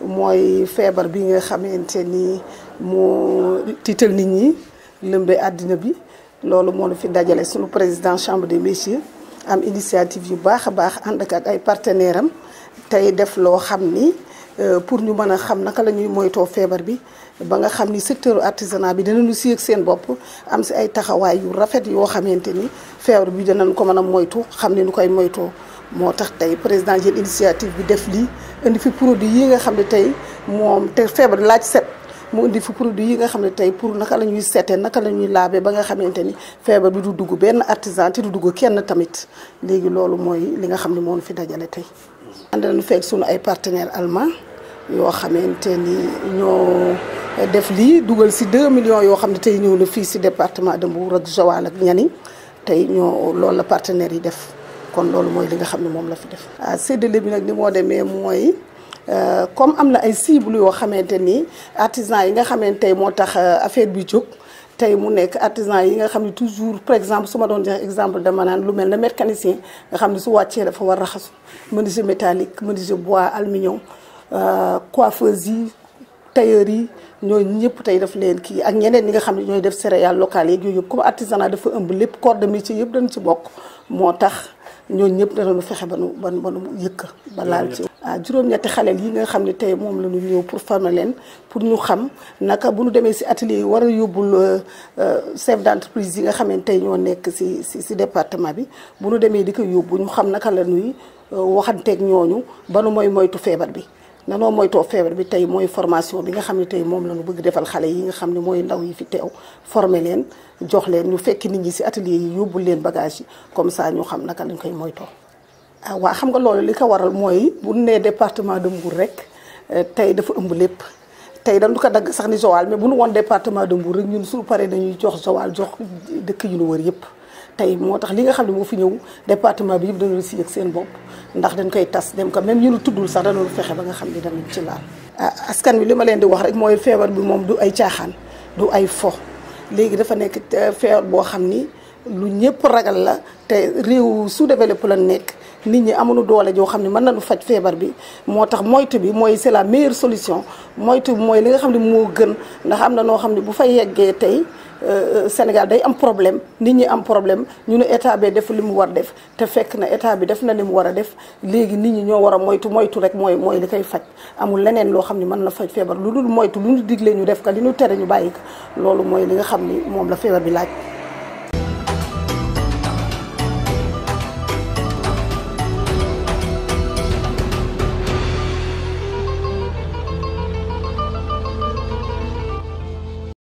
mooy feebar bi nga xamante ni moo tiital nit ñi lëmbe àddina bi loolu moo nu fi dajale suñu président chambre des métiers am initiative yu baax a baax ànd ak ay partenaires am tey def loo xam ni euh, pour ñu mën a xam naka la ñuy moytoo feebar bi ba nga xam ni secteur artisanat bi dinañu si yëg seen bopp am si ay taxawaay yu rafet yoo xamante ni feebar bi danañ ko mën a moytu xam ne nu koy moytoo moo tax tey président jël initiative bi def lii indi fi produit yi nga xam ne tey moom te feebar laaj set mu indi fi produit yi nga xam ne tey pour naka la ñuy seetee naka la ñuy laabee ba nga xamante ni feebar bi du dugg benn artisan te du dugg kenn tamit léegi loolu mooy li nga xam ne moo fi dajale tey. ànd nañu fekk sunu ay partenaires allemands yoo xam te ni ñoo. def lii dugal si deux millions yoo xam ne tey ñëw na fii si département de Mbour ak Joal ak Niani tay ñoo loolu la partenaire yi def kon loolu mooy li nga xam ne moom la fi def. ah séddale bi nag ni moo demee mooy euh, comme am na ay cible yoo xamante ni artisan yi nga xamante tey moo tax euh, affaire bi jóg. tey mu nekk artisan yi nga xam ne toujours par exemple su ma doon jox exemple dama naan lu mel ne mécanicien nga xam ne su wàccee dafa war raxasu menuisier métallique menuisier bois aluminium euh, coiffeuse yi. tailleur yi ñooy ñëpp tey daf leen kii ak ñeneen ñi nga xam ne ñooy def céréales locales yeeg yooyu yëpp comme artisanat dafa ëmb lépp corps de métier yëpp dañ ci bokk moo tax ñooñu ñëpp danañu fexe ba nu ba nu ba nu ci ah juróom-ñetti yi nga xam ne tey moom la ñu ñëw pour former leen pour ñu xam naka bu ñu demee si atelier yi war a yóbbul euh, chef d'entreprise yi nga xam ne tey ñoo nekk si si si département bi bu nu demee di ko yóbbu ñu xam naka la ñuy euh, waxanteeg ñooñu ba nu mooy moytu feebar bi nanoo moytoo feebar bi tey mooy formation bi nga xam ne tey moom la ñu bëgg defal xale yi nga xam ne mooy ndaw yi fi teew former leen jox leen ñu fekk nit ñi si atelier yi yóbbul leen bagage yi comme ça ñu xam naka lañ koy moytoo. ah waa xam nga loolu li ko waral mooy bu nee département de Mbour rek eh, tey dafa ëmb lépp. tey dañu ko dagg sax ni Joal mais bu nu woon département de Mbour rek ñun su paree dañuy jox Joal jox dëkk yi nu wër yëpp. tey moo tax li nga xam ne moo fi ñëw département bi yëpp dañoo si yëg seen bopp ndax dañ koy tas dem ko même ñu nu tuddul sax dañoo fexe ba nga xam ni danañ ci laal. Ah, askan wi li ma leen di wax rek mooy feebar bi moom du ay caaxaan du ay fo léegi dafa nekk euh, feebar boo xam ni. lu ñëpp ragal la te réew sous-développé la nekk nit ñi amuñu doole joo xam ne mën nañu faj feebar bi moo tax moytu bi mooy c'est la meilleure solution moytu mooy li xam ne moo gën ndax am na noo xam ne bu fa yeggee tey euh, Sénégal day am problème nit ñi am problème ñu ne état bi def li mu war def te fekk na état bi def na li mu war a def léegi nit ñi ñoo war a moytu moytu rek mooy mooy li koy faj amul leneen loo xam ne mën na faj feebar lu dul moytu lu ñu digle ñu def ko li nu tere ñu bàyyi ko loolu mooy li nga xam ni moom la feebar bi laaj.